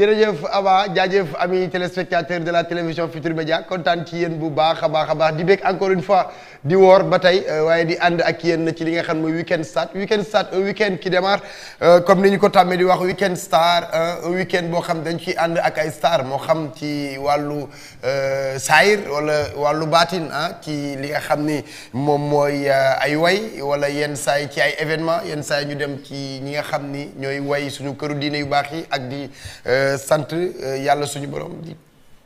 jërëjëf jaajëf Aba jaajëf ami téléspectateur de la télévision Futur Média kontaan ci yéen bu baax a baax a baax di bég encore une fois di woor ba tey euh, waaye di ànd ak yéen ci li nga xam mooy weekend start weekend start un weekend qui démarre euh, comme ni ñu ko tàmmee di wax weekend star euh, un weekend boo xam dañ ciy ànd ak ay star moo xam ci wàllu saayir wala wàllu baatin ah ci li nga xam ni moom mooy ay way wala yenn saay ci ay événement yenn saay ñu dem ci ñi nga xam ni ñooy way suñu këru diine yu baax ak di. sant euh, yàlla suñu borom di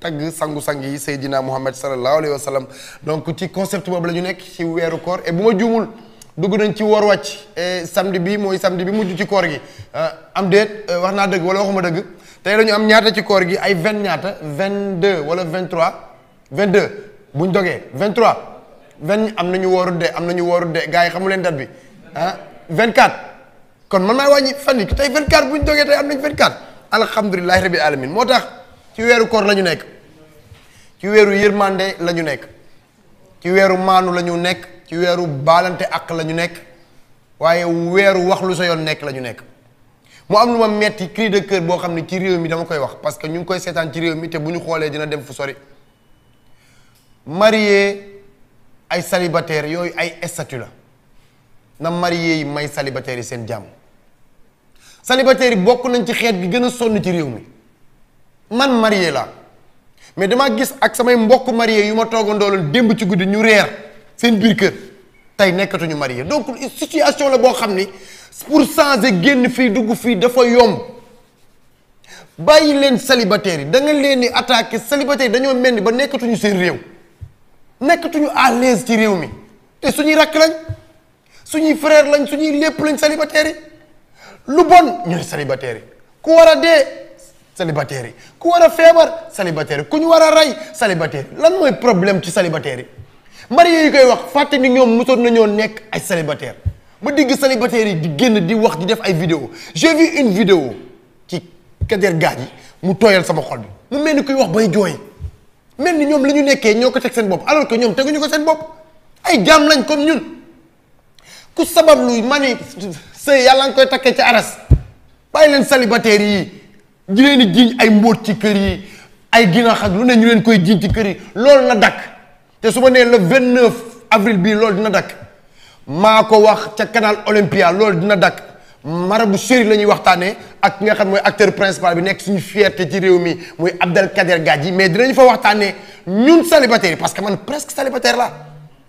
tagg sangu-sang yi Seydina Muhammad sallallahu alayhi wa sallam donc ci concept boobu la ñu nekk ci weeru koor et bu ma juumul dugg nañ ci woor wàcc et bi mooy samedi bi mujj ci koor gi euh, am déet euh, wax naa dëgg wala waxuma dëgg tey la ñu am ñaata ci koor gi ay vingt ñaata vingt deux wala vingt trois vingt deux buñ dogee vingt trois vingt am nañu wooru de am nañu wooru de gars yi leen date bi ah vingt quatre kon man maay wàññi fan yi tey vingt quatre buñ dogee tey am nañ vingt quatre alhamdulilahi rabil alamin moo tax ci weeru koor la ñu nekk ci weeru yërmande la ñu nekk ci weeru maanu la ñu nekk ci weeru baalante ak la ñu nekk waaye weeru wax lu sa yoon nekk la ñu nekk mu am lu ma metti cri de cœur boo xam ne ci réew mi dama koy wax parce que ñu ngi koy seetaan ci réew mi te bu ñu xoolee dina dem fu sori marie ay célibataire yooyu ay statut la na marié yi may célibataire yi seen jàmm célibataire yi bokk nañ ci xeet bi gën a sonn ci réew mi man marié la mais damaa gis ak samay mbokk marié yu ma toogandoo loon démb ci guddi ñu reer seen biir kër tey nekkatuñu marié donc situation la boo xam ni pour changer génn fii dugg fii dafa yomb bàyyi leen célibataire yi da nga leen di attaqué célibataire yi dañoo mel ni ba nekkatuñu seen réew nekkatuñu à l'aise ci réew mi te suñuy rakk lañ suñuy frère lañ suñuy lépp lañ célibataire lu bon ñu ne ku war a dee célibataire yi ku war a feebar célibataire yi ku ñu war a rey célibataire yi lan mooy problème ci célibataire yi marié yi koy wax fàtte ni ñoom mosoon nañoo nekk ay célibataire ba digg célibataire yi di génn di wax di def ay vidéo j'ai vu une vidéo ci Kader Gadji yi mu tooyal sama xol bi mu mel ni kuy wax bay jooy mel ni ñoom li ñu nekkee ñoo ko teg seen bopp alors que ñoom teguñu ko seen bopp ay jaam lañ comme ñun ku sabab luy mani sëy yàlla nga koy takkee ci aras bàyyi leen célibataire yi di leen di jiiñ ay mbóot ci kër yi ay ginaax ak lu ne ñu leen koy jiiñ ci kër yi loolu na dakk te su ma nee le vingt neuf avril bii loolu dina dakk maa ko wax ca canal Olympia loolu dina dakk marabu chéri la ñuy waxtaanee ak ki nga xam mooy acteur principal bi nekk suñu fierté ci réew mi muy Abdelkader Gadji mais dinañ fa waxtaanee ñun célibataire yi parce que man presque célibataire la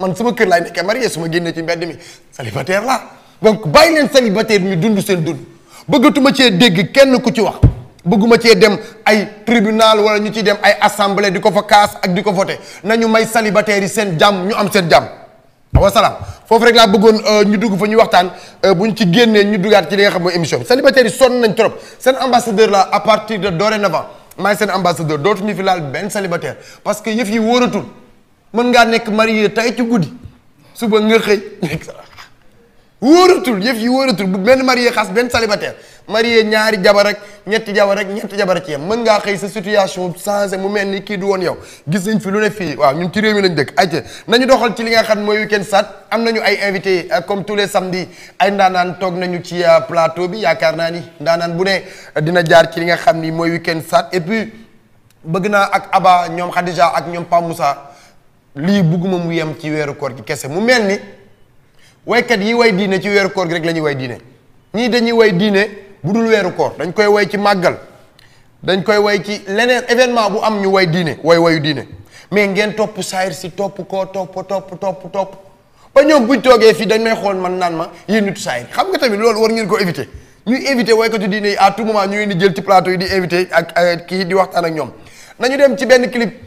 man sama kër laay nekkee marié su ma génnee ci mbedd mi célibataire la donc bàyyi leen célibataire ñu dund seen dund bëggatuma cee dégg kenn ku ci wax bëgguma cee dem ay tribunal wala ñu ci dem ay assemblée di ko fa kaas ak di ko voté nañu may célibataire yi seen jàmm ñu am seen jàmm wa salaam foofu rek laa bëggoon euh, ñu dugg fa ñu waxtaan euh, bu ñu ci génnee ñu duggaat ci li nga xam émission bi célibataire yi sonn nañ trop seen ambassadeur la à partir de dorénavant maay seen ambassadeur dootuñu fi laal benn parce que yëf yi wóoratul mën ngaa nekk marié tay ci guddi suba nga xëy nekk wóoratul yëf yi wóoratul bu benn marié xas benn célibataire marié ñaari jabar ak ñetti jabar ak ñetti jabar ci yem mën ngaa xëy sa situation changé mu mel ni kii du woon yow gis nañ fi lu ne fii waaw ñun ci réew mi lañ dëkk ayca nañu doxal ci li nga xam mooy weekend sat am nañu ay invité euh, comme tous les toog nañu ci euh, plateau bi yaakaar naa ni ndaanaan bu ne euh, dina jaar ci li nga xam ni mooy weekend sat et puis bëgg naa ak Aba ñoom Khadija ak ñoom Pa Moussa lii bugguma mu yem ci weeru koor gi kese mu mel ni waykat yi way diine ci weeru koor gi rek la ñuy way diine ñii dañuy way diine bu dul weeru koor dañ koy way ci màggal dañ koy way ci leneen événement bu am ñu way diine way wayu diine mais ngeen topp saayir si topp koo topp topp topp topp ba ñoom buñ toogee fii dañ may xool man naan ma yéen nitu saayir xam nga tamit loolu war ngeen ko éviter ñuy éviter waykatu diine yi à tout moment ñu ngi ni jël ci plateau yi di éviter ak kii di waxtaan ñoom nañu dem ci benn clip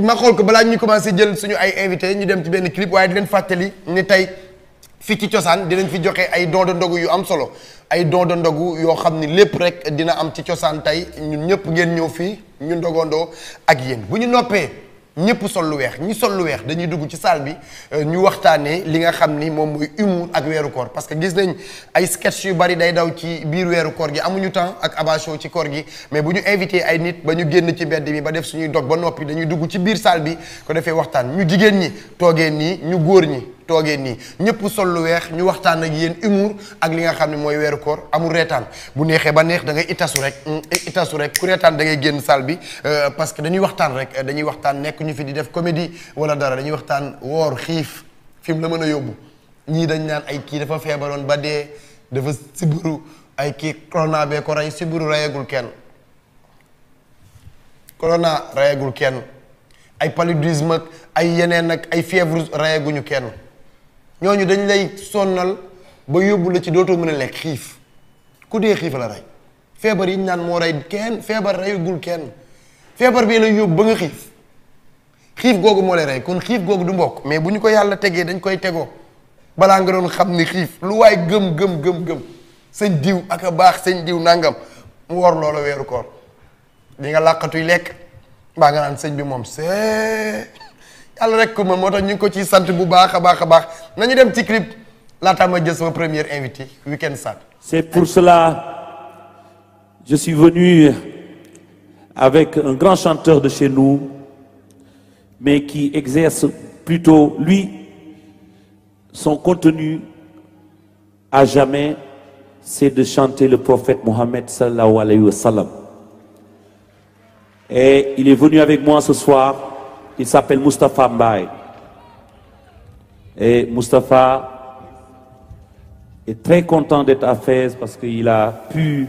ma xool ko balaa ñu commencé jël suñu ay invité ñu dem ci benn clip waaye di leen fàttali ni tey fii ci cosaan dinañ fi joxe ay don de yu am solo ay don de ndogu yoo xam ni lépp rek dina am ci cosaan tey ñun ñëpp ngeen ñëw fii ñu ndogondoo ak yéen bu ñu noppee. ñëpp sol lu weex ñi sol lu weex dañuy dugg ci salle bi euh, ñu waxtaanee li nga xam ni moom mooy humour ak weeru koor parce que gis nañ ay sketch yu bari day daw ci biir weeru koor gi amuñu temps ak abation ci koor gi mais bu ñu invité ay nit ba ñu génn ci mbedd mi ba def suñuy dog ba noppi dañuy dugg ci biir saal bi ko defee waxtaan ñu jigéen ñi toogee nii ñu góor ñi toogee nii ñëpp sol lu weex ñu waxtaan ak yéen humour ak li nga xam ne mooy weeru koor amul reetaan bu neexee ba neex da ngay itasu rek mm, eh, itasu rek ku reetaan da ngay génn salle bi euh, parce que dañuy waxtaan rek euh, dañuy waxtaan nekk ñu fi di def comédie wala dara dañuy waxtaan woor xiif fi la mën a yóbbu ñii dañ naan ay kii dafa feebaroon ba dee dafa siburu ay kii corona bee ko rey siburu reyagul kenn corona reyagul kenn ay paludisme ak ay yeneen ak ay fièvre reyaguñu kenn ñooñu dañ lay sonnal ba yóbbu la ci dootoo mën a lekk xiif ku dee xiif la rey feebar yi ñu naan moo rey kenn feebar reyugul kenn feebar bi lay yóbbu ba nga xiif xiif googu moo lay rey kon xiif googu du mbokk mais bu ñu ko yàlla tegee dañ koy tegoo balaa nga doon xam ni xiif lu waay gëm gëm gëm gëm sëñ diw ak a baax sëñ diw nàngam mu war loola weeru koor di nga làqatuy lekk mbaa nga naan sëñ bi moom see yàlla rek ko moo tax ñu ngi ko ciy sant bu baax a baax a baax nañu dem ci clip laata ma jël sama première invité Weekend Sad. c'est pour cela je suis venu avec un grand chanteur de chez nous mais qui exerce plutôt lui son contenu à jamais c'est de chanter le prophète Mohammed sallallahu alayhi wa sallam et il est venu avec moi ce soir il s'appelle Moustapha Mbaye. Et Moustapha est très content d'être à Fès parce qu'il a pu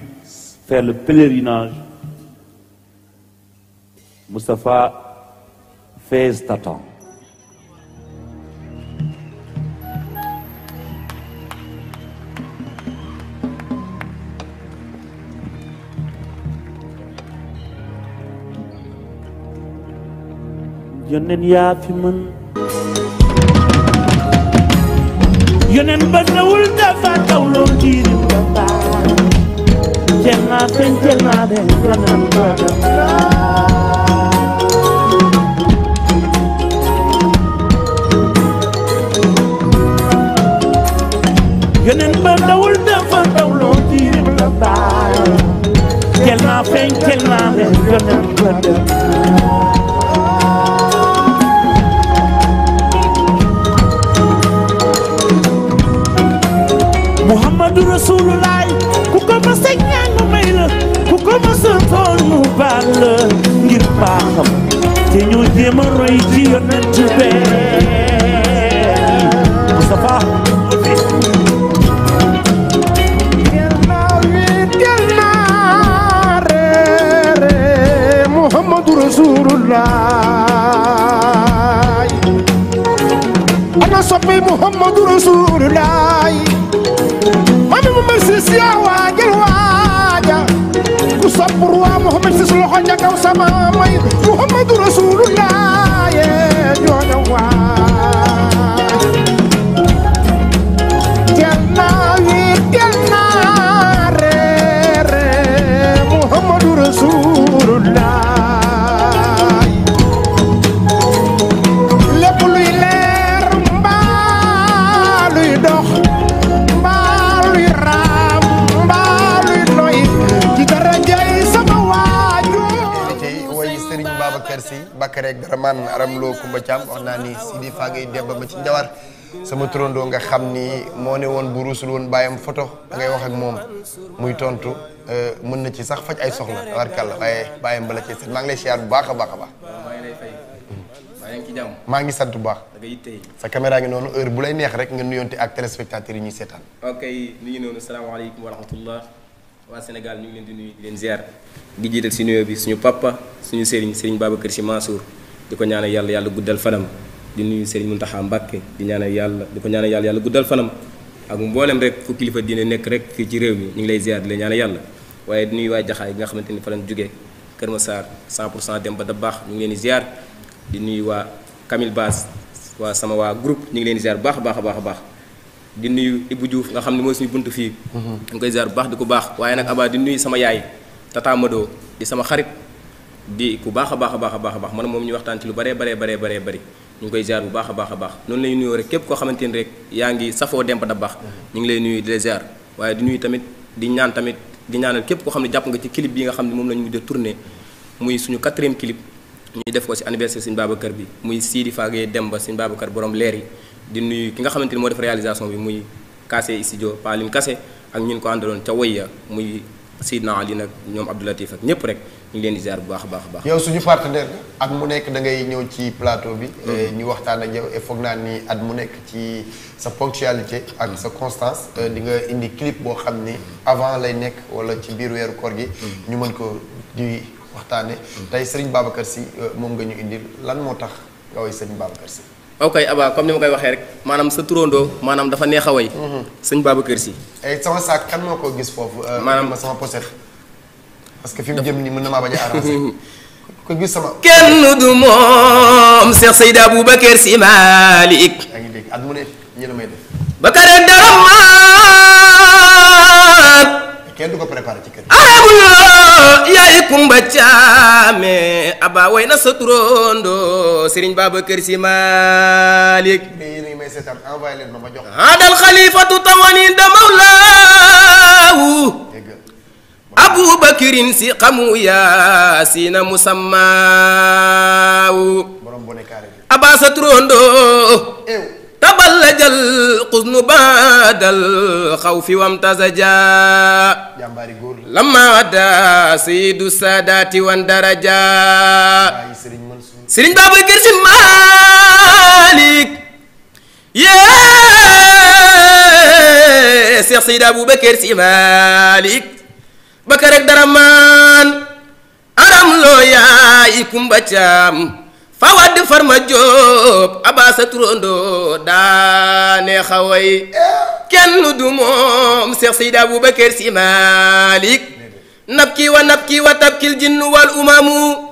faire le pèlerinage. Moustapha, Fès t'attend. yónneen yaa fi mën yónneen ba newul dafa taw loo diirim ba baax jël naa feeñ jël naa de yónneen ba dafa yónneen ba dawul dafa dawloo diirim la baay jël naa feeñ jël naa de yónneen ba dafa jéem a roy ci yonent be Moustapha Muhammadu Rasulullah ana soppay Muhammadu Rasulullah rek dara man aram loo Kumba Caam wax naa ni Sidi faa ngay demba ba ci njawar sama turandoo nga xam ni moo ne woon bu ruusul woon bàyyam photo da ngay wax ak moom muy tontu euh, mën na ci sax faj ay soxla tabarkàlla waaye bàyyam bala cee set maa ngi lay siyaar bu baax a baax a baax. maa ngi sant bu baax. sa caméra ngi noonu heure bu lay neex rek nga nuyoon nuyonte ak téléspectateurs yi ñuy seetaan. ok ni waa Sénégal ñu ngi leen di nuyu di leen ziar di jiital si nuyoo bi suñu papa suñu sëriñ sëriñ Babacar Sy Mansour di ko ñaanal yàlla yàlla guddal fanam di nuyu sëriñ Mountakha Mbacké di ñaanal yàlla di ko ñaanal yàlla yàlla guddal fanam ak mboolem rek fu kilifa diine nekk rek fii ci réew mi ñu ngi lay ziar di la ñaanal yàlla waaye di nuyu waa jaxaay yi nga xamante ni fa lañ jógee Kër Massar 100 pour cent dem ba da baax ñu ngi leen di di nuyu waa Kamil Baas waa sama waa groupe ñu ngi leen di baax a baax a a baax di nuyu Ibou Diouf nga xam ne mooy suñu buntu fii. Mhm. ñu koy ziar bu baax di ku baax waaye nag Aba di sama yaay Tata Mado di sama xarit di ku baax a baax a baax a baax a baax man ñu waxtaan ci lu baree baree baree baree bëri ñu ngi koy ziar bu a baax a baax nuyoo rek képp koo xamante ni rek ngi safoo demp da baax mhm. ñu ngi lay nuyu di la waaye di nuyu tamit di ñaan tamit di ñaanal képp koo xam ne jàpp nga ci clip bi nga xam ne moom la ñu de tourné muy suñu quatrième clip ñu def ko si anniversaire suñu Babacar bi muy Sidi Fagué Demba suñu Babacar borom leer yi di nuyu ki nga xamante ni moo def réalisation bi muy Kassé studio Paline kase ak ñun ko àndaloon ca Woya muy si Seydina Ali nag ñoom Abdou Latif ak ñëpp rek ñu leen di ziar bu baax a yow suñu partenaire ak mu nekk da ngay ñëw ci plateau bi. Mm-hmm. Eh, ñu waxtaan ak yow foog naa ni at mu nekk ci sa ponctualité ak sa mm-hmm. constance. Eh, di nga indi kilip boo xam ni mm-hmm. avant lay nekk wala ci biir weeru koor gi. ñu mën ko di waxtaane tey Serigne Babacar si eh, moom nga ñu indi lan moo tax nga woy Serigne Babacar Sy. ok Aba comme ni ma koy waxee rek maanaam sa turandoo maanaam dafa neex a way. Mhm. sëñ Babacar Si. ay eh, sama saak kan moo ko gis foofu. Euh, maanaam sama poset. parce que fi mu jëm nii mën na maa bañ a arrangé. ko gis sama. kenn du moom Cheikh Seydi Aboubacar Si Malick. ba kare dara maa. préparé ci kër yi. yaay Kumba Caame Abba way na sa turando Serigne Babacar Sy Malick. mais yéen a ngi ma ma jox. adal xalifatu si xamu si na musammaawu. borom bone taballajal xusnu baadal xaw fi wamtasaja jàmbaari góor la lamma wadda sayyidu saadaati wan daraja sëriñ Babacar Si Maalik yee Seex Seydi Abubakar Si Maalik Bakar ak dara maan aram loo yaay kumba caam Fawad Farma Diop Abasa Turando daane xaway kenn du moom Cheikh Seydi Aboubacar Sy Malick nabki wa nabki wa tabkil jinnu wal umamu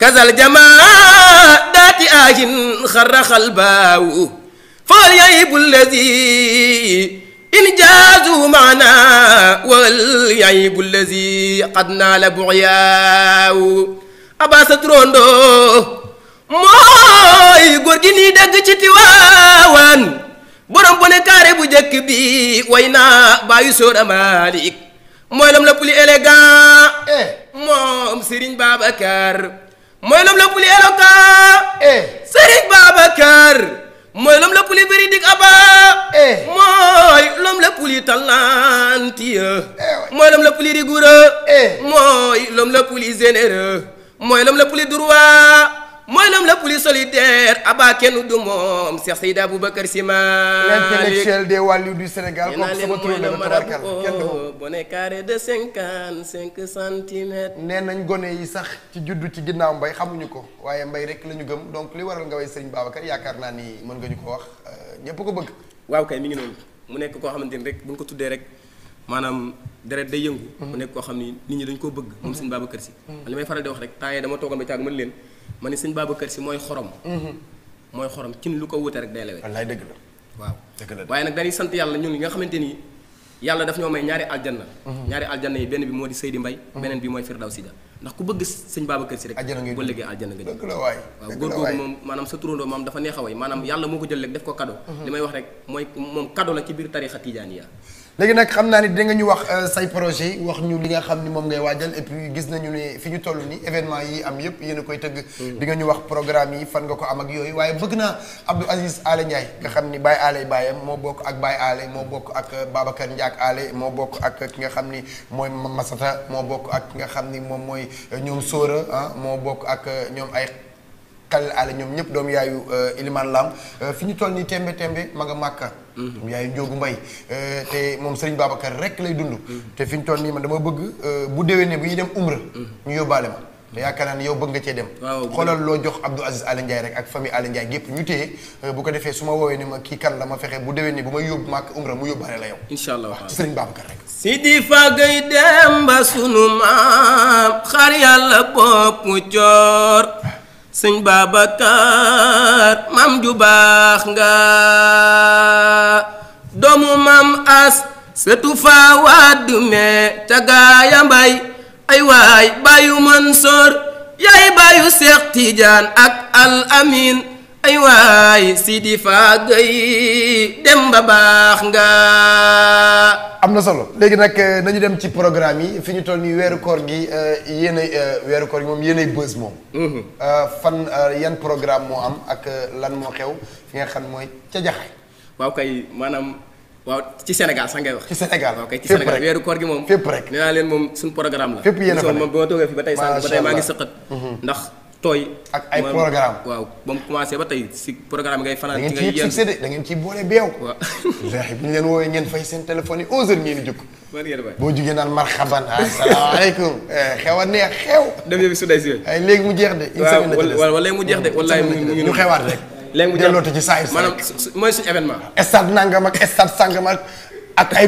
kazal jamaa daati aahin xarra xalbaawu fal yayibu lazi injaazu maana wal yayibu lazi qad naala bu'yaawu Abasa Turando mooy góor gi nii dëgg ci tiwaawan borom bu ne bu njëkk bi way naa bàyyi Maalik mooy lam la plus élégant eh. moom Serigne Babacar mooy lam la plus éloquent eh. Serigne Babacar mooy l'homme le plus véridique Abba. Eh. mooy l'homme le plus talentueux. mooy l'homme le plus rigoureux. mooy l'homme le plus généreux. mooy l'homme le plus droit. mooy l'homme le plus solidaire Abba kenn du moom Cheikh Seydi Aboubacar Sy Malick l'intellectuel des wàllu du Sénégal comme sama tur la tabarkal kenn du oh, bonnet carré de cinquante cinq centimètres nee nañ gone yi sax ci juddu ci ginnaaw mbay xamuñu ko waaye mbay rek la ñu gëm donc li waral nga way Serigne Babacar yaakaar naa ni mën nga ñu ko wax euh, ñépp ko bëgg waaw kay mi ngi noonu mu nekk koo xamante ni rek bu ñu ko tuddee rek maanaam deret day yëngu mu nekk koo xam ni nit ñi dañ koo bëgg moom Serigne Babacar Sy mm. li may faral di wax rek temps yi dama toogal ba caag mën leen ma ne sëñ Babacar si mooy xorom. Mhm. mooy xorom cin lu ko wute rek day lewe. wallaay dëgg la waaye nag dañuy sant yàlla ñun li nga xamante ni yàlla daf ñoo may ñaari aljanna. Mhm. ñaari aljanna yi benn bi moo di Seydi Mbaye. Mhm. beneen bi mooy Firdawsi Ja ndax ku bëgg sëñ Babacar si rek. àjjana nga jël àjjana nga jël waaw góor googu moom maanaam sa turandoo maam dafa neex a way maanaam yàlla moo ko jël rek def ko cadeau. li may wax rek mooy moom cadeau la ci biir tariixa tijaaniya léegi nag xam naa ni danga ñu wax euh, say projet wax ñu li nga xam ni moom ngay waajal et puis gis nañu ne fi ñu toll nii événement yi am yëpp yéen a koy tëgg mm. di nga ñu wax programme yi fan nga ko am ak yooyu waaye bëgg naa Abdou Aziz Alé Ndiaye nga xam ni baay Alé baayam moo bokk ak baay Alé moo bokk ak euh, Babacar njaak Alé moo bokk ak euh, ki nga xam ni mooy Masata moo bokk ak ki nga xam ni moom mooy ñoom Sóora ah moo bokk ak ñoom ay Khalil Alé ñoom ñëpp doom yaayu euh, Ilimane Lam euh, fi ñu toll nii tembe tembe ma nga màkka mhm. doom yaayu Njoogu Mbay euh, te moom Serigne Babacar rek lay dund mhm. te fi ñu toll nii ma dama bëgg bu déwénee bu dem mhm. ñu yóbbaale ma yaakaar naa ne yow bëgg nga cee dem xoolal loo jox Abdou Aziz ak famille Alé Ndiaye gépp ñu téye bu ko defee su ma woowee ne ma kii kan la ma fexe bu déwénee bu may yóbbu màkk umra mu yóbbaale la yow incha allah wax Serigne Babacar rek Sidi Fagay dem ba sunu maam xar yàlla bopp joor sëñ Babacar maam ju baax nga doomu maam as sëtu faa wadd me ca mbay ay waay bàyyu Mansoor yaay bàyyu Seex Tijaan ak al amin ay waay Sidi Fagué dem ba baax nga. am na solo léegi nag euh, nañu dem ci programme yi fi ñu toll nii weeru koor gi euh, yéenay euh, weeru koor moom yéenay bës moom. Mhm. fan yan programme moo am ak lan moo xew fi nga xam mooy ca jaxaay. waaw kay maanaam waaw ci Sénégal sax ngay wax. ci Sénégal weeru koor gi moom. fépp rek nee naa leen moom suñu programme la. fépp yéen a bi ma toogee fi ba tey sànq ba tey maa ngi sëqat mhm. ndax. tooy. ak ay programme waaw ba mu commencé ba tey si programme ngay fanaan. ci ngay yenn da ngeen ciy da ngeen ciy boole beew. waaw ndax ñu leen woowee ngeen fay seen téléphone yi 11h ngeen di jóg. boo jugee naan marhaban asalaamaaleykum ah, eh, xew a neex xew. dem yëpp su day ay léegi mu jeex de. une semaine la waaw mu jeex de wallaay mu ngi ñu xewaat rek. léegi mu jeex de delloo ci saa yu saa maanaam mooy suñu événement. stade nangam ak stade sangam ak ay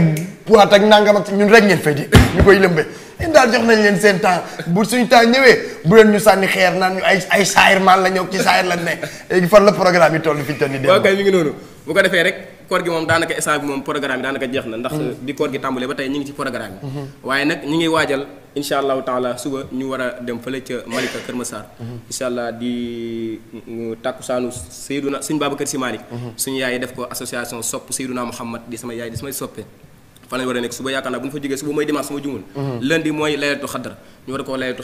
boîte ak nangam ak ñun rek ngeen fay ñu koy lëmbe ñun jox nañ leen seen temps bu suñu temps ñëwee bu leen ñu sànni xeer naan ñu ay saayir maan la ñëw ci saayir lañ ne léegi fan la programme yi toll fi ñu toll waaw kay mi ngi noonu ko defee rek. koor gi moom daanaka instant bi moom programme yi daanaka jeex na ndax mm-hmm. bi koor gi tàmbalee ba tey ñu ngi ci programme yi mm-hmm. waaye nag ñu ngi waajal incha allahu taala suba ñu a dem fële ca Malika Kër Massar mm-hmm. incha allah di tàkkusaanu Seyduna suñu Babacar Si a a koo laylatu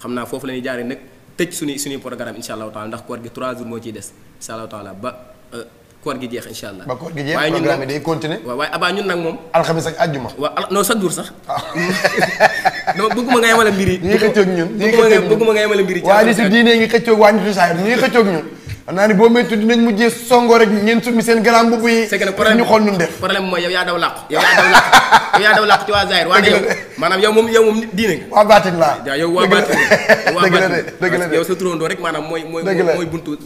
xam naa foofu la ñuy jaaree nag tëj suñu suñuy programme incha allahu ndax koor gi 3 jours moo ciy des incha allahu ba Euh, koor gi jeex incha allah. ba koor gi jeex programme day continuer waaye abaa ñun nag moom. alxames ak àjjuma. waaw non chaque jour sax. non ah. bëgguma nga yemale mbir yi. ñii xëccoog ñun ñii xëccoog ñun bëgguma nga yemale mbir yi. waa li si diine waa ñu saa ñii xëccoog ñun. xam naa ne boo métti dinañ mujjee songoo rek ngeen summi seen grand mbubb yi. c' est que ñu xool def. problème mooy yow yaa daw làqu. yow yaa daw làqu yow yaa daw làqu waa Zahir waa maanaam yow moom yow moom diine nga. waa baatin laa waaw maanaam mooy mooy mooy buntu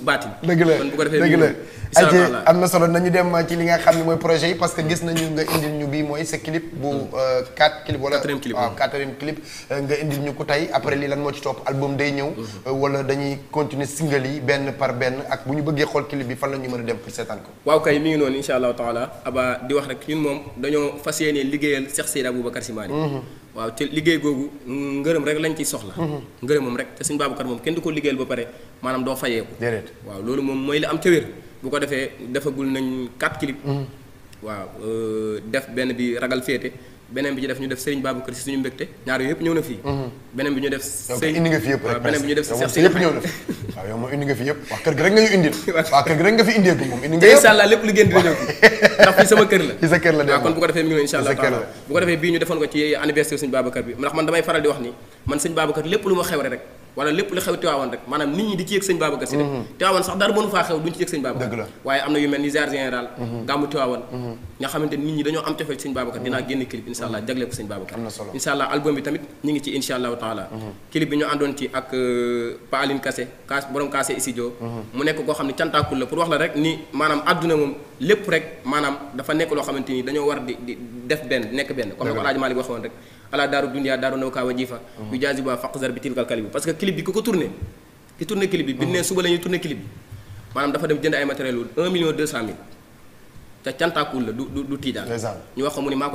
am na solo nañu dem ci li nga xam ne mooy projet yi parce que gis nañu nga indil ñu bii mooy sa clip bu hmm. euh, quatre clip wala waaw hmm. clip euh, nga indi ñu ko tey après lii lan moo ci topp album day ñëw hmm. euh, wala dañuy continuer single yi benn par benn ak bu ñu bëggee xool clip bi fan la ñu mën a dem pour seetaan ko waaw kay mi ngi insha allahu taala aba di wax rek ñun moom dañoo fas yéene liggéeyal Cheikh Seydou Aboubacar Simani waaw te liggéey googu ngërëm rek lañ ciy soxla mhm. ngërëm moom rek te suñ baabukat moom kenn du ko liggéeyal ba pare maanaam doo fayeeku waaw loolu moom mooy li am tawér bu ko defee defagul nañ quatre clip mhm. waaw euh, def benn bi ragal féete beneen bi ñu def ñu def Serigne Babacar si suñu mbégte ñaar yooyu yëpp ñëw na fii. Mhm. beneen bi ñu def. Serigne indi nga fi yëpp rek beneen bi ñu ñëw na fi waaw yow moom indi nga kër gi rek nga ñu indil. waaw kër gi rek nga fi indee ko moom indi nga yëpp allah lépp liggéey dina ñëw ndax fii ko defee allah bu ko defee bii ñu defoon ko ci anniversaire Serigne Babacar bi ndax man damay faral di wax ni man Serigne Babacar lépp lu ma xew rek wala lépp lu xew Tiwaawan rek maanaam nit ñi di ci yëg sëñ Babacar Sy de mm-hmm. Tiwaawan sax dara mënu faa xew duñ ci yëg sëñ Babacar waaye am na yu mel ni ziar général mm-hmm. gàmmu Tiwaawan mm-hmm. nga xamante nit ñi dañoo am cofeel sëñ Babacar dinaa génn clip insha allah jagle ko sëñ insha allah album tamit ñi ngi ci insha allahu taala clip bi ñu àndoon ci ak euh, Paaline Kassé kaas borom Kassé studio mu nekk koo xam ne cantaakul la pour wax la rek ni lépp rek maanaam dafa nekk loo xamante ni dañoo war di di def benn nekk benn comme na ko Alaaji Maalik waxoon rek ala daaru dunia daaru nawkaa wa jiifa mhm. yu jaasi ba faqzar bi tilkal kalib parce que clip bi ku ko tourné ki tourné clip bi bi ne mhm. suba ko mu ni maa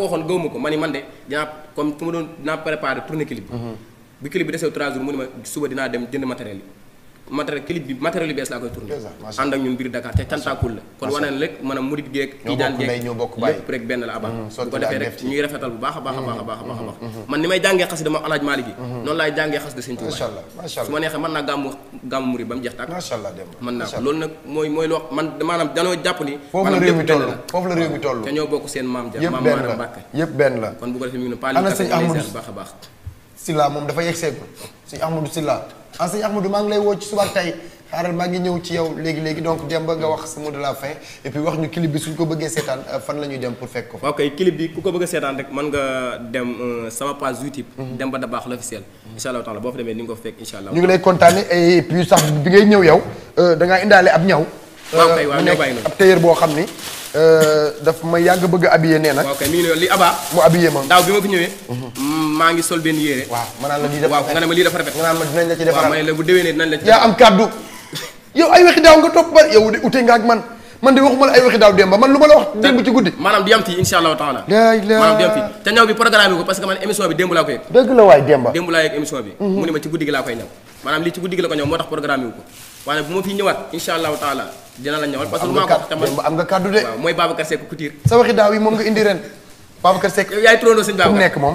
ko dinaa comme fu ma bi mhm. dem jënd matériel yi matériel clip bi matériel yu bees laa koy tourné ànd ak ñun biir Dakar te cantaakul la kon wane na rek maanaam murit geek tijaan geek lépp rek benn la abaa mm-hmm. bu ko defee rek ñuy rafetal bu baax baax a baax a baax a baax mm-hmm. man ni may jàngee xasida mm-hmm. ma alaaj Maalik gi la réew mi toll foofu la la ah sëñ Ahmadou maa ngi lay woo ci suba ak tey xaaral maa ngi ñëw ci yow léegi léegi donc dem ba nga wax sa mot de fin et wax ñu clip bi suñ ko bëggee seetaan euh, fan la ñuy dem pour fekk ko. ok clip bi ku ko bëgg a seetaan rek mën nga dem euh, sama page YouTube. Mhm. dem ba da baax l'officiel. incha allah taala boo fa demee ni nga ko fekk incha allah. ñu ngi lay kontaane et puis sax bi ngay ñëw yow euh, da ngaa indaale ab ñaw. waaw kay waaw ñoo bàyyi ab téyër boo xam ni. Euh, daf ma yàgg bëgg a habillé nee na. waaw kay mi ngi li Aba. mu habillé ma daaw bi ma fi ñëwee. Mhm. maa ngi sol benn yére. waaw ma naan la lii dafa waaw nga ne ma lii dafa rafet. yaa am kàddu yow ay waxi daaw nga topp ba yow de ute nga ak man man de waxuma la ay waxi daaw démb man lu ma la wax démb ci guddi. maanaam di am ti incha allahu taala. laay laay maanaam di ñaw bi programme ko parce que man émission bi démb laa ko yëg. dëgg la waay démb. démb laa yëg émission bi. Mhm. mu ne ma ci guddi dina la ñëwal parce que lu ma ko tamit am nga kàddu de. sa waxi daaw yi moom nga indi ren Babacar Seck. yow nekk moom.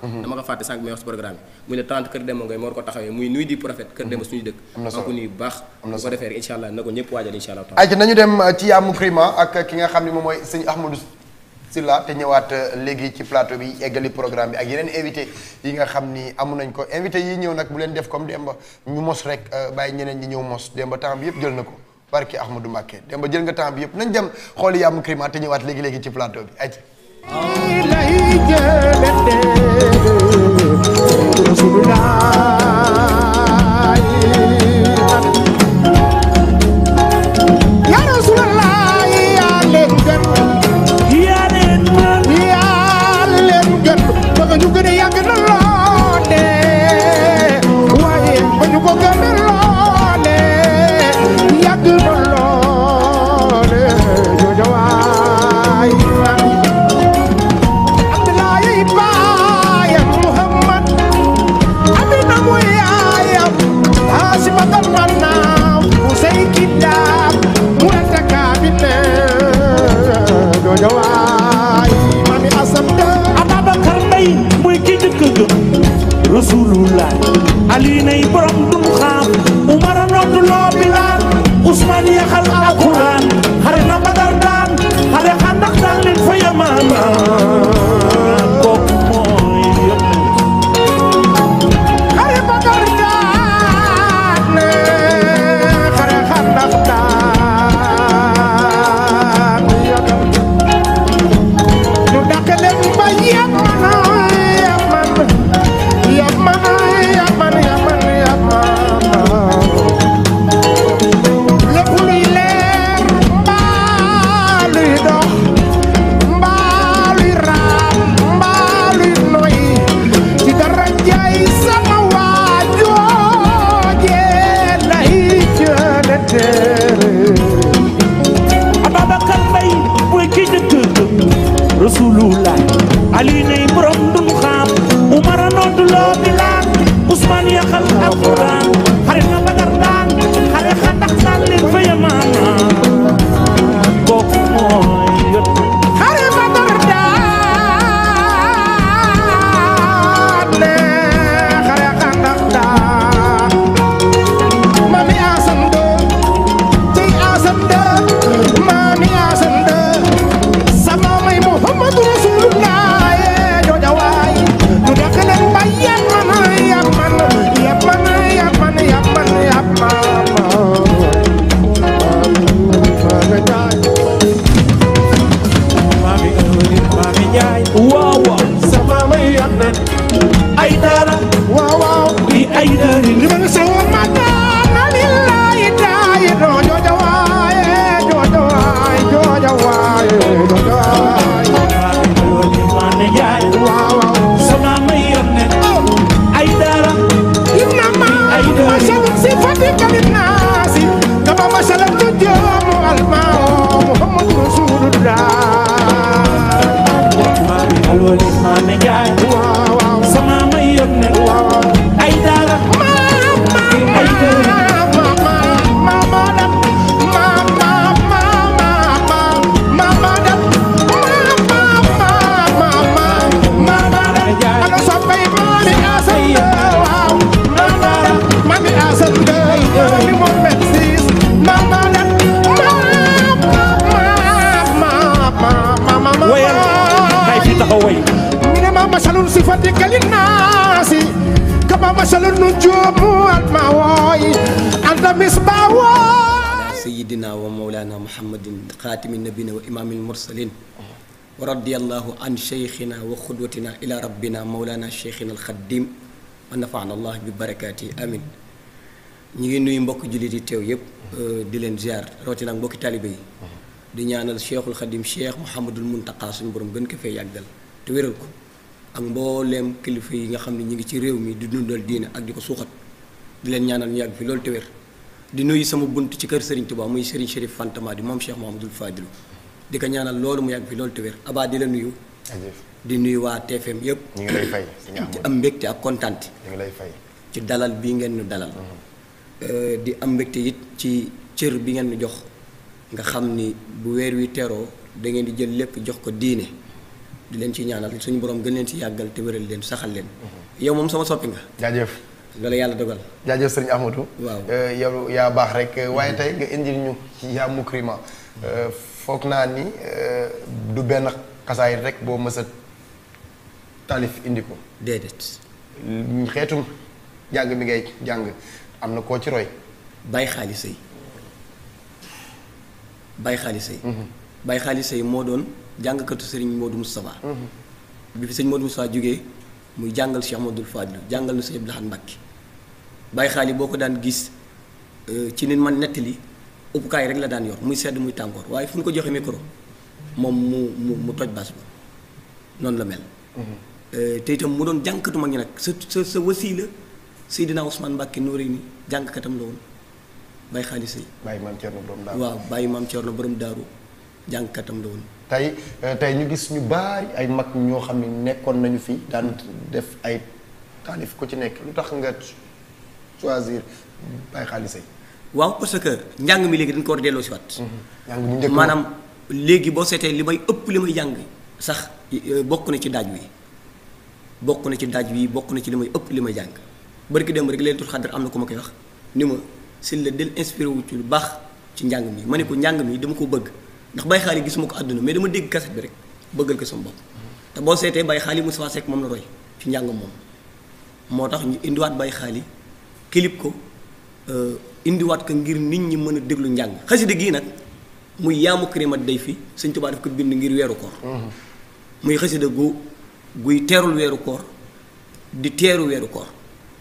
Mm-hmm. dama ko fàtte sànq may wax si programme bi muy le 30 kër Demba Ngoy moo war ko taxawee muy nuy di prophète kër Demba mm-hmm. suñu dëkk maa ko nuyu bu baax bu ko defee rek incha allah na ko ñëpp waajal incha allah ay nañu dem ci yaamu prima ak ki nga xam ne moom mooy sëñ Ahmadou Silla te ñëwaat euh, léegi ci plateau bi eggali programme bi ak yeneen invité yi nga xam ni amu nañ ko invité yi ñëw nag bu leen def comme Demba ñu mos rek euh, bàyyi ñeneen ñi ñëw mos Demba temps bi yëpp jël na ko barki Ahmadou Mbacké Demba jël nga temps bi yëpp nañ dem xooli yaamu prima te ñëwaat léegi-léegi ci plateau bi ay Rasulullah salut radiyallahu an cheikhina wa xudwatina ila rabbina mawlana cheikhina alxaddim wa nafaana allah bi barakaati amin ñu ngi nuyu mbokk jullit yi teew yëpp euh, di leen ziar rawatina ak mbokki taalibe yi di ñaanal cheikhul xadim cheikh mouhamadul muntaqa suñu borom gën ko fee yàggal te wéral ko ak mbooleem kilifa yi nga xam ne ñu ngi ci réew mi di dundal diina ak di ko suuxat di leen ñaanal ñu yàgg fi loolu te di nuyu sama bunt ci kër Serigne Touba muy Serigne Chérif Fantama di moom cheikh mouhamadul fadilu di ko ñaanal loolu mu yàgg fi loolu te abaa di la nuyu di nuyu waa TFM yëpp ñu ngi lay fay di am mbégte ak kontaante ñu ngi lay fay ci dalal bi ngeen ñu dalal mhm. euh, di am mbégte it ci cër bi ngeen ñu jox nga xam ni bu weer wi teroo da ngeen di jël lépp jox ko diine di leen ci ñaanal suñu borom gën leen ci yàggal te wéral leen saxal leen mhm. yow moom sama soppi nga jaajëf loolu yàlla dogal jaajëf sëriñ Ahmadou waaw euh, yaa baax rek mhm. waaye tey nga indil ñu ci yaa mukrima euh, foog naa ni euh, du benn xasaay rek boo mës taalif indi ko. déedéet. xeetum jàng bi ngay jàng am na koo ci roy. bay xaalis yi bay xaalis mhm. yi. bay moo doon jàngkatu Serigne Modou Moustapha. Mhm. bi fi sëñ Modou Moustapha jógee muy jàngal Cheikh Modou Fadilou jàngal lu sëñ Abdou Lahad Mbacké bay xaalis boo ko daan gis euh, ci li man nettali. uppukaay rek la daan yor muy sedd muy tàngoor waaye fu ñu ko joxe micro moom mu mu toj bas ba noonu la mel. Mm-hmm. Euh, te itam mu doon jànkatu mag ñi nag sa sa sa wasiila Seydina Ousmane Mbacke Nooré ni jànkkatam la woon bàyyi xaalis yi. bàyyi maam Thierno borom daaru waaw bàyyi maam Thierno borom daaru jànkkatam la woon. tey euh, tey ñu gis ñu baari ay mag ñoo xam ne nekkoon nañu fi daan def ay taalif ko ci nekk lu tax nga choisir bàyyi xaalis waaw parce que njàng mi léegi dañ ko war a delloo si waat mhm. maanaam léegi boo seetee li may ëpp li may jàng sax euh, bokk na ci daaj wi bokk na ci daaj wi bokk na ci li may ëpp li may jàng barki dem rek leen tut xaddar am na ko ma koy wax ni ma si la del inspiré wu ci lu baax ci njàng mi ma ne ko njàng mi dama ko bëgg ndax bay xaal gisuma ko àdduna mais dama dégg kaset bi rek bëggal ko sama bopp te boo seetee bay xaal yi Moustapha Seck moom la roy ci njàng moom moo tax ñu indiwaat bay xaal yi ko euh, indiwaat ko ngir nit ñi mën a déglu njàng xasida gi nag muy yaamu karimat day fi sëñ Tuubaa daf ko bind ngir weeru koor mhm. muy xasida gu guy teerul weeru koor di teeru weeru koor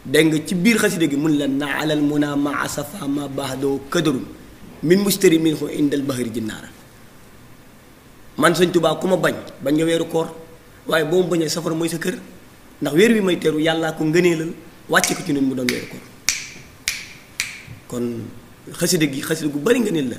nga ci biir xasida gi mun la na alal muna ma asafa ma baax doo këdërum min mustari min ko indal bahari jinnaara man sëñ Tuubaa ku ma bañ bañ nga weeru koor waaye boo ma bañee safara mooy sa kër ndax weer bi may teeru yàllaa ko ngëneelal wàcce ko ci ñun mu doon weeru koor kon xasida gi xasida gu bari nga nit la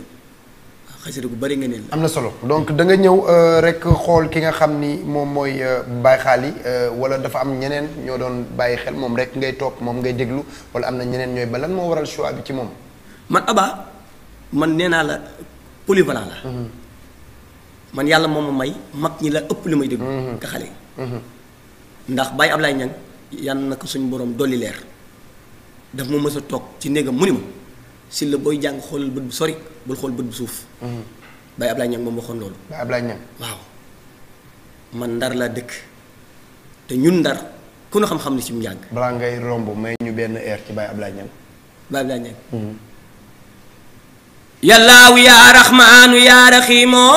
xasida gu bari nga nit la. am na solo donc da nga ñëw euh, rek xool ki nga xam ni moom mooy euh, Baye Xaali euh, wala dafa am ñeneen ñoo doon bàyyi xel moom rek ngay topp moom ngay déglu wala am na ñeneen ñooy ba lan moo waral choix bi ci moom. man Aba man nee naa la polyvalent la. Mhm. man yàlla moom ma may mag ñi la ëpp li may déglu. nga mhm. xale mhm. ndax Baye Ablaye Niang yan na ko suñu borom dolli leer daf ma mës a toog ci néegam mu ni ma. si la booy jàng xoolal bët bu sori bul xool bët bu suuf. Mhm. Baye Ablaye Niang moom waxoon loolu. Baye Ablaye Niang waaw. man ndar laa dëkk te ñun ndar ku nu xam-xam ne ci mu yàgg. balaa ngay romb may ñu benn air ci Baye Ablaye Niang. Baye Ablaye mhm. yaa raxmaanu yaa raxiimoo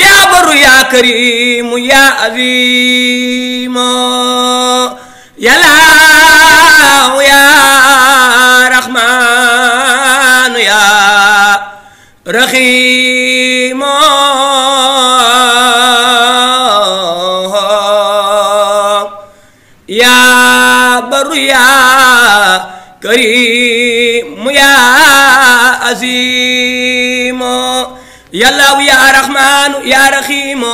yaa baru yaa kariimu yaa aziz رحيما يا بر يا كريم يا عظيم يا الله يا رحمن يا رحيم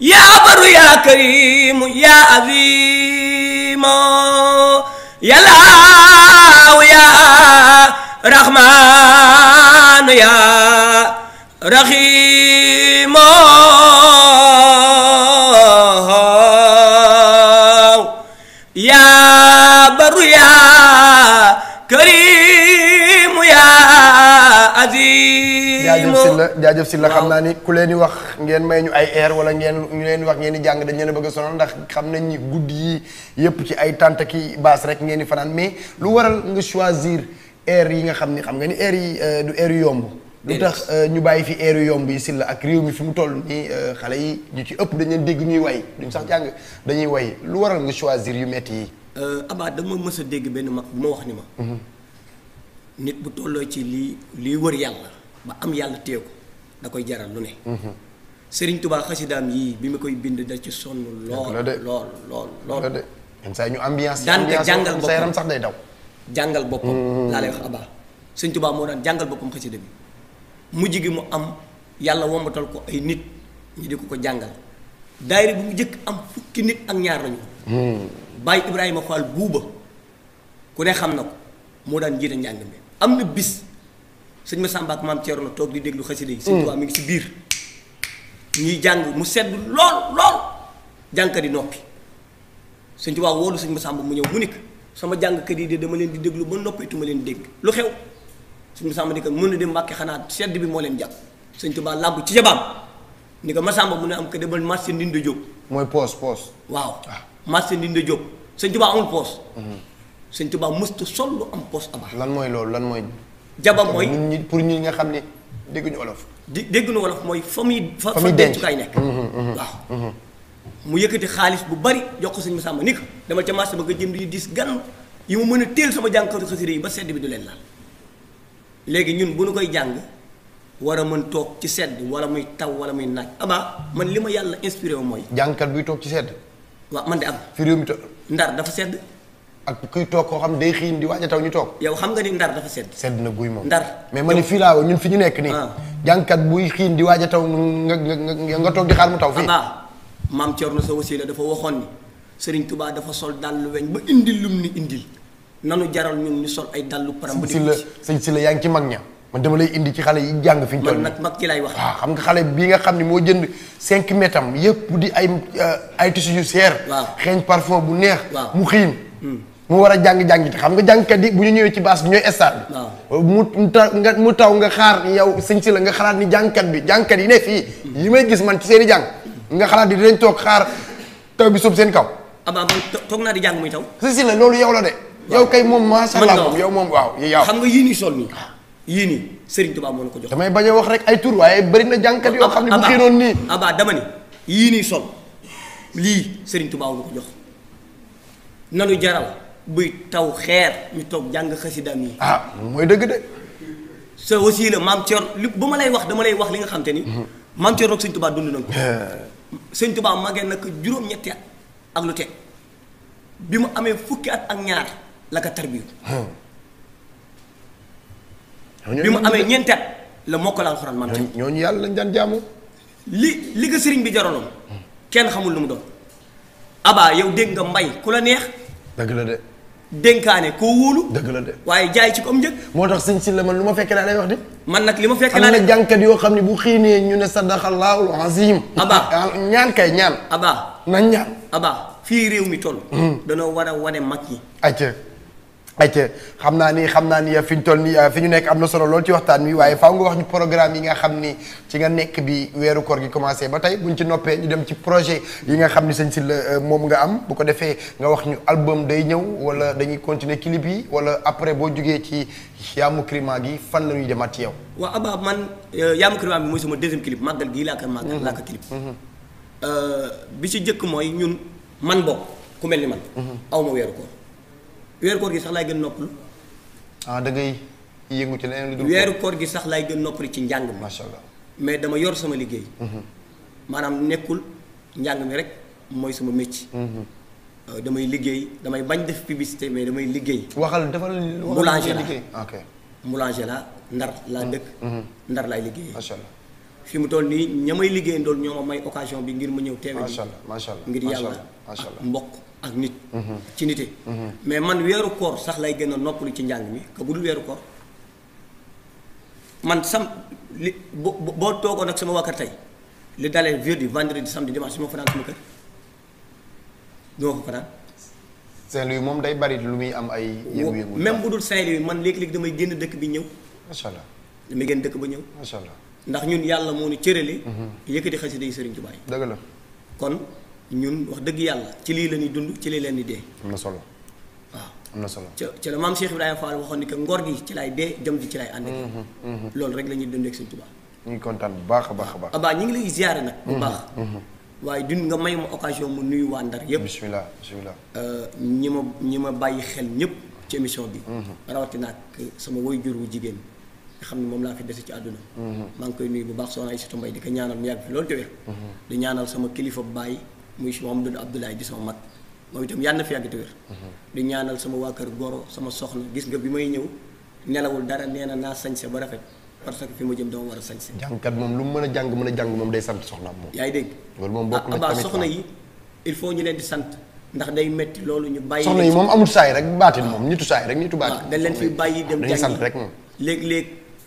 يا بر يا كريم يا عظيم يا الله رحمن يا رحيم يا بر يا كريم يا عظيم jaajëf si la oh. jaajëf si la xam naa ni ku leen di wax ngeen may ñu ay air wala ngeen ñu leen di wax ngeen di jàng dañ leen a bëgg a ndax xam nañ ni yi yëpp ci ay tànt ki baas rek ngeen di fanaan mais lu waral nga choisir. air yi nga xam ni xam nga ni air yi euh, du air yu yomb lu tax euh, ñu bàyyi fi air yu yomb yi si la ak réew mi fi mu toll nii euh, xale yi ñu ci ëpp dañu leen dégg ñuy way duñ sax jàng dañuy way lu waral nga choisir yu metti yi abaa dama mës a dégg benn mag bu ma wax ni ma mhm. nit bu tolloo ci lii lii wër yàlla ba am yàlla téeku da koy jaral lu ne mhm. Sëriñ Tubaa xasidaam yii bi ma koy bind da ci sonn lool lool lool lool yenn saa yi ñu ambiance daan nga jàngal boppam yaram sax day daw jàngal boppam mm-hmm. laa lay wax abaa moo daan jàngal boppam xasida bi mujj gi mu am yàlla wombatal ko ay nit ñu di ko ko jàngal daayira bu mu njëkk am fukki nit ak ñaar lañu mm-hmm. bàyyi Ibrahima Fall buuba ku ne xam na ko moo daan jiite njàng mi am na bis sëñ Massamba ak maam Thierno toog di déglu xasida yi sëñ Tuubaa mi ngi si biir ñuy jàng mu sedd lool lool jàngkat yi noppi sëñ Tuubaa woolu sëñ Massamba mu ñëw mu nikk sama jàngkat yi de dama leen di déglu ba tuma leen dégg lu xew suñu Masamba di ko mën na dem Mbàkke xanaa sedd bi moo leen jàpp sëñ Tuubaa làggu ci jabaam ni ko Masamba mu ne am ko demal marché Ndinda Diop. mooy poos poos. waaw ah. marché Ndinda Diop sëñ Tuubaa amul poos. Mhm. sëñ Tuubaa mësta sol lu am poos am. lan mooy loolu lan mooy. jabaam mooy pour ñi nga xam ne dégguñu wolof. dégg dégguñu wolof mooy fa muy. fa muy dencukaay nekk mhm, mhm, waaw. mu yëkkati xaalis bu bari jox ko sëñ Masamba ni ko dama ca marché ba nga jënd yu diis gan yi mu mën a teel sama jàngkatu xasida yi ba sedd bi du leen laal léegi ñun bu nu koy jàng war a mën toog ci sedd wala muy taw wala muy naaj abaa man li ma yàlla inspiré wu mooy. jàngkat buy toog ci sedd. waaw man de am. fi réew mi to ndar dafa sedd. ak kuy toog koo xam day xiin di waaj a taw ñu toog. yow xam nga ni ndar dafa sedd. sedd na guy moom ndar. mais ma ne fii laa ñun fi ñu nekk nii. Ah. jàngkat buy xiin di waaj a taw nga nga nga toog di xaar mu taw fii. maam Thierno sa wasila dafa waxoon ni Serigne Touba dafa sol dàllu weñ ba indil lum ni indil nanu jaral ñun ñu sol ay dàllu param. si la sëñ si la yaa ngi ci mag ña man dama lay indi ci xale yi jàng fi ñu toll. nag mag ci lay wax. waaw xam nga xale bii nga xam ne moo jënd 5 metam yëpp di ay euh, ay tissus yu seer. waaw xeeñ parfum bu neex. mu xiim hmm. mu war a jàng jàng te xam nga jàngkat yi bu ñu ñëwee ci baas bi ñooy stade bi. mu ta nga mu taw nga xaar yow sëñ si la nga xalaat ni jàngkat bi jàngkat yi ne fii. yi may gis man ci seen i jàng. nga xalaat di dañ toog xaar taw bi soob seen kaw. abaa ah man toog naa di jàng muy taw. si si la loolu yow la de. yow kay moom macha allah moom yow moom waaw. yow xam nga yii nii sol nii yii nii Serigne Touba moo la ko jox. damay bañ a wax rek ay tur waaye bëri na jàngkat yoo ah xam ne ah bu xiinoon nii. abaa dama ni yii nii sol lii Serigne Touba moo ko xeer ñu toog jàng xasidaam yi. ah mooy dëgg de. sa aussi la bu ma lay wax dama lay wax li nga xam te ni. Mhm. maam Thior ak Serigne Touba dund na ko. Eh. sëñ Tuubaa magee nag juróom-ñetti at ak lu teg bi mu amee fukki at ak ñaar la ko tarbiyu hmm. bi mu amee ñeenti at la mokkal alxuraan maam ca ñooñu yàlla lañ daan jaamu li li ko sëriñ bi jaraloon kenn xamul lu mu doon abaa yow dégg nga mbay ku la neex dëgg la de dénkaane ko wóolu. dëgg la waaye jaay ci ko am moo tax sëñ si la man lu ma fekkee daa wax de. man nag li ma fekkee naa ne am na jànkat yoo xam ne bu xiinee ñu ne sadaqallaahu al-aziim. abaa ñaan kay ñaan. abaa nañ ñaan. abaa fii réew mi toll. Hmm. danoo war a wane mag yi. ayca xam naa ni xam naa ni ah, fi ñu toll ni ah, fi ñu nekk am na solo lool ci waxtaan wi waaye faaw nga wax ñu programme yi nga xam ni ci nga nekk bi weeru koor gi commencé ba tey buñ ci noppee ñu dem ci projet yi nga xam ni sañ si la euh, moom nga am bu ko defee nga wax ñu album day ñëw wala dañuy continuer clip yi wala après boo jugee ci yaamu climat gi fan la ñuy demaat ci yow. waaw Abba man euh, yaamu climat bi mooy sama deuxième clip màggal gii laa ko màggal mhm. laa ko clip. Mhm. Euh, bi ci njëkk mooy ñun man bokk mel ni man. Mhm. ma weeru weeru koor gi sax laay gën noppalu. ah da ngay yëngu ci leneen lu dul weeru koor gi sax laay gën noppalu ci njàng mi. macha allah mais dama yor sama liggéey. Mhm. maanaam nekkul njàng mi rek mooy sama métier. Mhm. Euh, damay liggéey damay bañ def publicité mais damay liggéey. waxal defal boulanger la ok boulanger la ndar laa mhm. dëkk. ndar laay liggéey. macha allah fi mu toll nii ña may liggéey ndool ñoo ma may occasion bi ngir ma ñëw teewe. macha allah macha allah ngir yàlla mbokk. ak nit. Mm-hmm. ci nite. Mm-hmm. mais man weeru koor sax lay gën a noppalu ci njàng mi que bu dul weeru koor man sam li boo boo toogoon ak sama waa tey li dalee vendredi vendredi samedi dimanche su ma fanaan sama kër du ma fa fanaan. Saint-Louis moom day bari lu muy am ay. yëngu-yëngu même bu dul Saint-Louis man léegi-léegi damay génn dëkk bi ñëw. macha allah damay génn dëkk ba ñëw. macha allah ndax ñun yàlla moo ñu cërale. Mm-hmm. yëkkati xasida yi Sëriñ Tuubaa yi. ñun wax dëgg yàlla ci lii la ñuy dund ci lii leen di dee. am na solo waaw. am na solo ca ca la maam Cheikh Ibrahima Fall waxoon ni ngor gi ci laay dee jëm ji ci laay mm-hmm, mm-hmm. rek la ñuy dund ak Sëñ Tuubaa. ñu bu baax baax a baax. ñu ngi lay ziare nag. bu mm-hmm, baax. waaye dun may ma occasion mu nuyu waa Ndar yëpp. bisimilah bisimilah. Euh, ñi ma ñi ma bàyyi xel ñëpp ci émission bi. rawatina ak sama waajur wu jigéen nga xam ne moom laa fi dese ci àdduna. maa ngi koy nuyu bu baax soxna Aïssatou Mbaye di ko ñaanal mu yàgg fi loolu te di ñaanal sama kilifa baay muy Mamadou Abdoulaye di sama mag moom itam yàlla na fi yàgg te wér mhm. ñaanal sama waa kër goro sama soxna gis nga bi may ñëw nelawul dara nee na naa sañse ba rafet parce que fi ma jëm dama war a sañse jàngkat moom lu mu mën a jàng mën a jàng moom day sant soxnaam moom yaa ngi dégg loolu moom bokk na ah, ah, soxna yi il faut ñu leen di sant ndax day metti loolu ñu bàyyi soxna yi moom amul saay rek baatin moom ah. nitu saay rek nitu baatin dañ leen fi bàyyi dem jàngi sant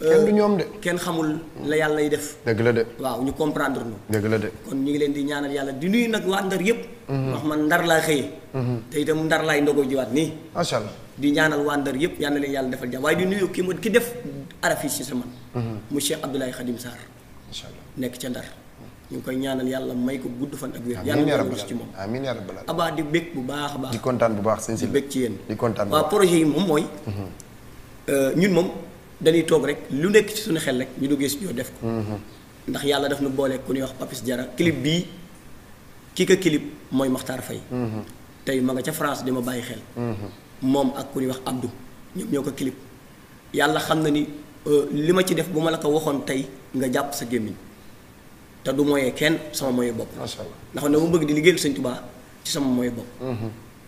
kenn du euh, ñoom de. kenn xamul la yàlla lay def. dëgg la de. waaw ñu comprendre ñu. dëgg la de. kon ñu ngi leen di ñaanal yàlla di nuyu nag waa ndar yëpp. wax mhm. man ndar laa xëyee. Mhm. te itam ndar laay ndogoo jiwaat nii. macha allah di ñaanal waa ndar yëpp yal na defal jàmm waaye di nuyu ki ma ki def araf yi si sama. Mhm. mu Cheikh Abdoulaye Khadim Sarr. nekk ca ndar. ñu ngi koy ñaanal yàlla may ko gudd fan ak wér yàlla gis ci moom amiin yaa rabbal abaa di bég bu baax a baax di kontaan bu baax si di bég ci yéen di kontaan waaw projet dañuy toog rek lu nekk ci suñu xel rek ñu duggee studio def ko. Mhm. ndax yàlla daf nu boole ku ñuy wax Papis Jara clip bii kii ka clip mooy Makhtar Faye mhm. tey ma nga ca France di ma bàyyi xel. Mhm. moom ak ku ñuy wax Abdou ñoom ñoo ko clip yàlla xam na ni euh, li ma ci def bu ma la ko waxoon tey nga jàpp sa gémmiñ te du moyee kenn sama moyee bopp. macha allah ndax na mu bëgg di liggéeyal Sëñ Tuubaa ci sama moyee bopp.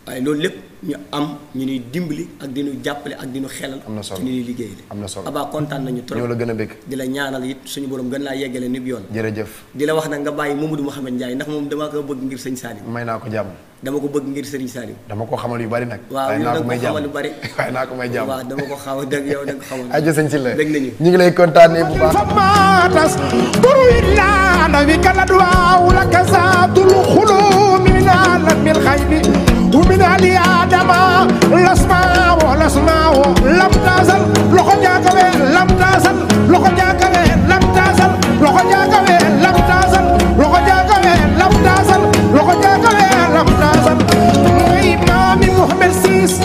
waaye loolu lépp ñu am ñu ñuy dimbali ak di ñu jàppale ak di ñu xelal. am na solo ci ñuy liggéey. am na solo abaa kontaan nañu trop ñoo la gën a bëgg. di la ñaanal it suñu borom gën laa yeggale nit yoon. jërëjëf di la wax nag nga bàyyi Mamadou Mouhamed Ndiaye ndax moom damaa ko bëgg ngir sëñ Salim. may naa ko jàmm. dama ko bëgg ngir sëriñ Salim. dama ko xamal yu bari nag. waaw yow da nga ko xamal yu bari waaye naa ko may jàmm waaw dama ko xaw a dégg yow da nga ko xamal. ajo sëñ si la dégg nañu ñu ngi lay kontaanee bu baax. ومن علي آدم لسماو لسماو لم تزل لخو جاكوي لم تزل لخو جاكوي لم تزل لخو جاكوي لم تزل لخو جاكوي لم تزل لخو جاكوي لم تزل إمام محمد سيس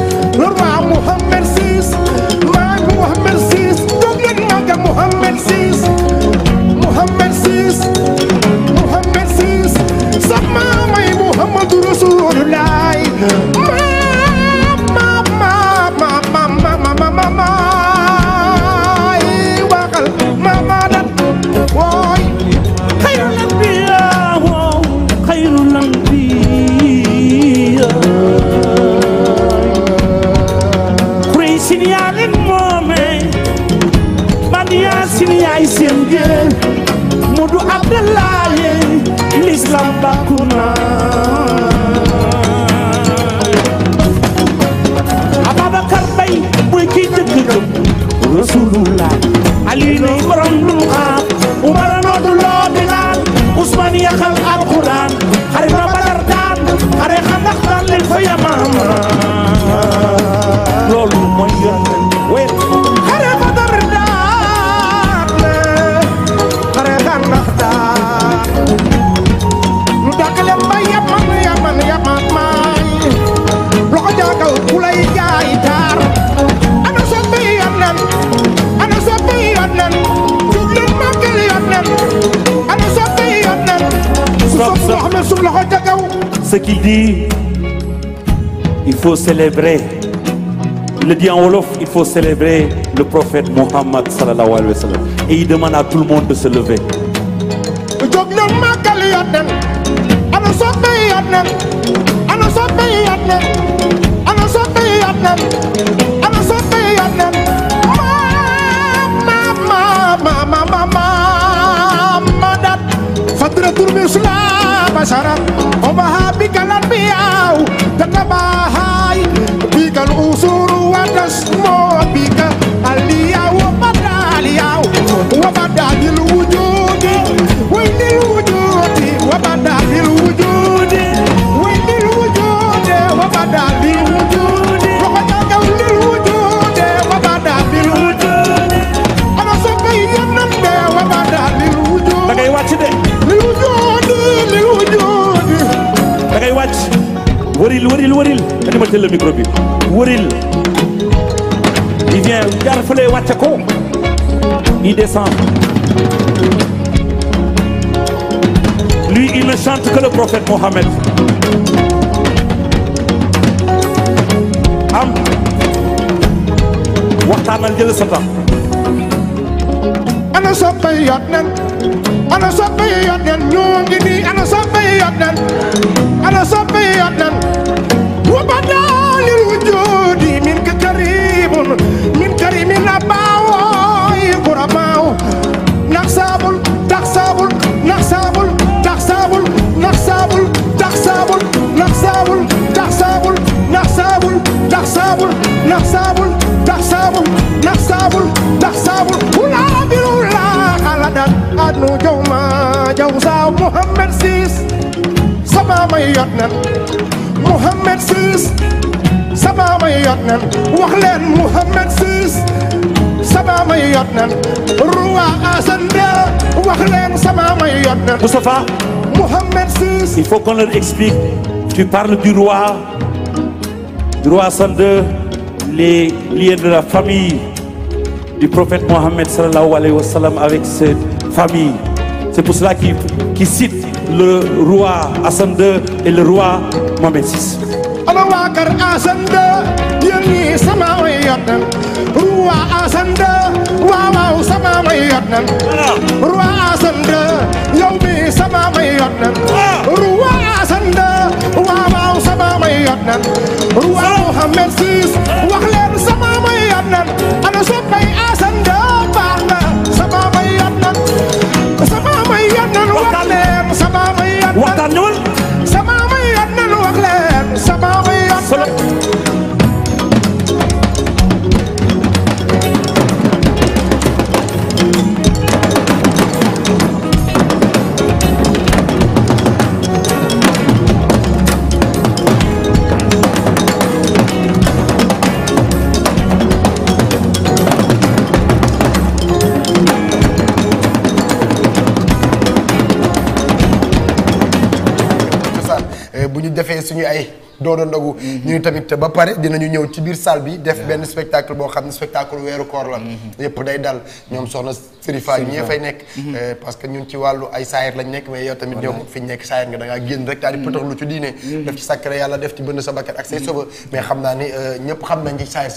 il faut célébrer le dit en wolof il faut célébrer le prophète Mohammed sallallahu alayhi wa sallam et il demande à tout le monde de se lever jóg leen màggal Yonent ana soppe Yonent ana soppe Yonent ana soppe Yonent ana soppe Yonent ma ma ma ma ma ma dat fatratul islam basharan wa biha الأصول yëkkal la micro bi wëril il vient jaar fële wàcce lui il ne chante que le prophète Mohammed am waxtaanal jël sa temps ana soppe yonent ana soppe yonent ñoo ngi nii ana soppe yonent ana وبدا للوجود منك قريب من كريم أباو غرباو نحساب تحساب نحساب تحساب نحساب تحساب نحساب تحساب نحساب تحساب نحساب تحساب نحساب تحساب ولا بلولا خلدت أدنو جوما جوزاو محمد سيس سبا ما يتنن Mouhamed Siis sabaama yi yot wax leen Mouhamed Siis sabaama yi yot wax leen sabaama yi yot nan. Moustapha. Siis. il faut qu'on leur explique du roi du roi Assane famille du prophète Mohammed sallallahu avec cette famille c'est pour cela qu'il qu'il le roi Hassan II et le roi Mohamed VI. Aboubacar Hassan II yéen ñii sama may yot nan roi Hassan II waaw waaw sama may yot nan roi Hassan II yow mii sama may yot nan roi Hassan II waaw waaw sama may yot nan suñu ay doodo ndogu mhm. ñu tamit ba pare dinañu ñëw ci biir salle bi def benn spectacle boo xam ne spectacle weeru koor la mhm. yëpp day dal ñoom soxna Serifa yi ñee fay nekk mhm. eh, parce que ñun ci wàllu ay saayir lañ nekk mais yow tamit fi ñu nekk saayir nga da ngaa génn rek daal di pëtax lu ci diine def ci sacré yàlla def ci bënn ak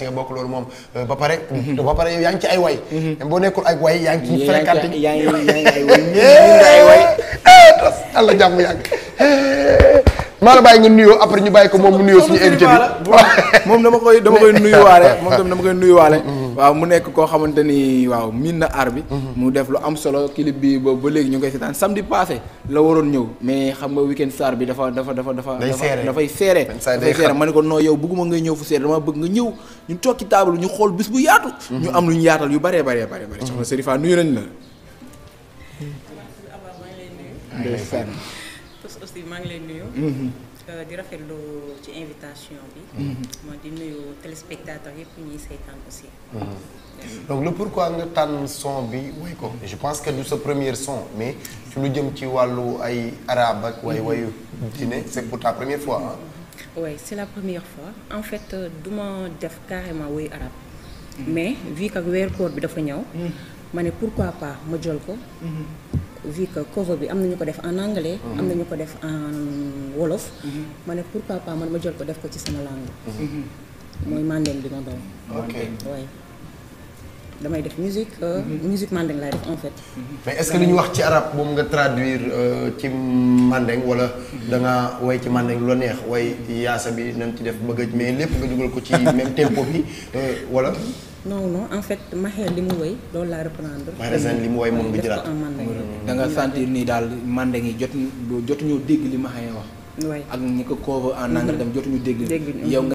euh, moom euh, ba pare ba pare ay way boo nekkul ay way yaa ngi ci ay way ay eh, jàmm yàgg eh. maa la bàyyi nga nuyoo après ñu bàyyi ko moom mu nuyoo suñu invité bi moom dama koy dama koy nuyuwaale moom tam dama koy nuyuwaale mm-hmm. waaw mu nekk koo xamante ni waaw miin na aar bi mm-hmm. mu def lu am solo clip bi ba ba léegi ñu ngi koy seetaan samedi passé la waroon ñëw mais xam nga weekend saar bi dafa dafa dafa dafa dafay seere dafay seere ma ne ko non yow bëgguma ngay ñëw fu seere dama bëgg nga ñëw ñu toog ci ñu xool bis bu yaatu mm-hmm. ñu am lu yaatal yu baree baree baree bare soxna Serifa la aussi maa ngi lay nuyu. Mm-hmm. Euh, di rafetlu ci invitation bi. Mm-hmm. moo di nuyu téléspectateurs yëpp ñuy seetaan aussi. Mm-hmm. donc le pourquoi nga tànn son bi woy ko je pense que du sa première son mais ci lu jëm ci wàllu ay arabe ak way wayu dine c'est pour ta première fois waaye oui c'est la première fois en fait euh, du ma def carrément woyu arabe. mais vu que weer koor bi dafa ñëw. ma ne pourquoi pas ma jël ko. vu que cover bi am nañu ko def en anglais. Mhm. am na ñu ko def en wolof. Mhm. ma ne pourquoi pas man ma jël ko def ko ci sama langue. Mhm. mooy mandeng bi ma doon. ok oui damay def musique. Euh, musique mandeng laay def en fait. mais est-ce que li ñu wax ci arab moom nga traduire euh, ci mandeng wala da nga way ci mandeng lu la neex way yaasa bi nañ ci def bëgg mais lépp nga dugal ko ci même tempo bi euh, wala. non non en fait Maxel li mu woy loolu laa reprendre. Maxel li mu woy moom nga jëlaat da nga sentir ni daal mande ngi jot jotuñu dégg li Maxel wax. ak ñi ko koo en mm-hmm. anglais dem jotuñu dégg. yow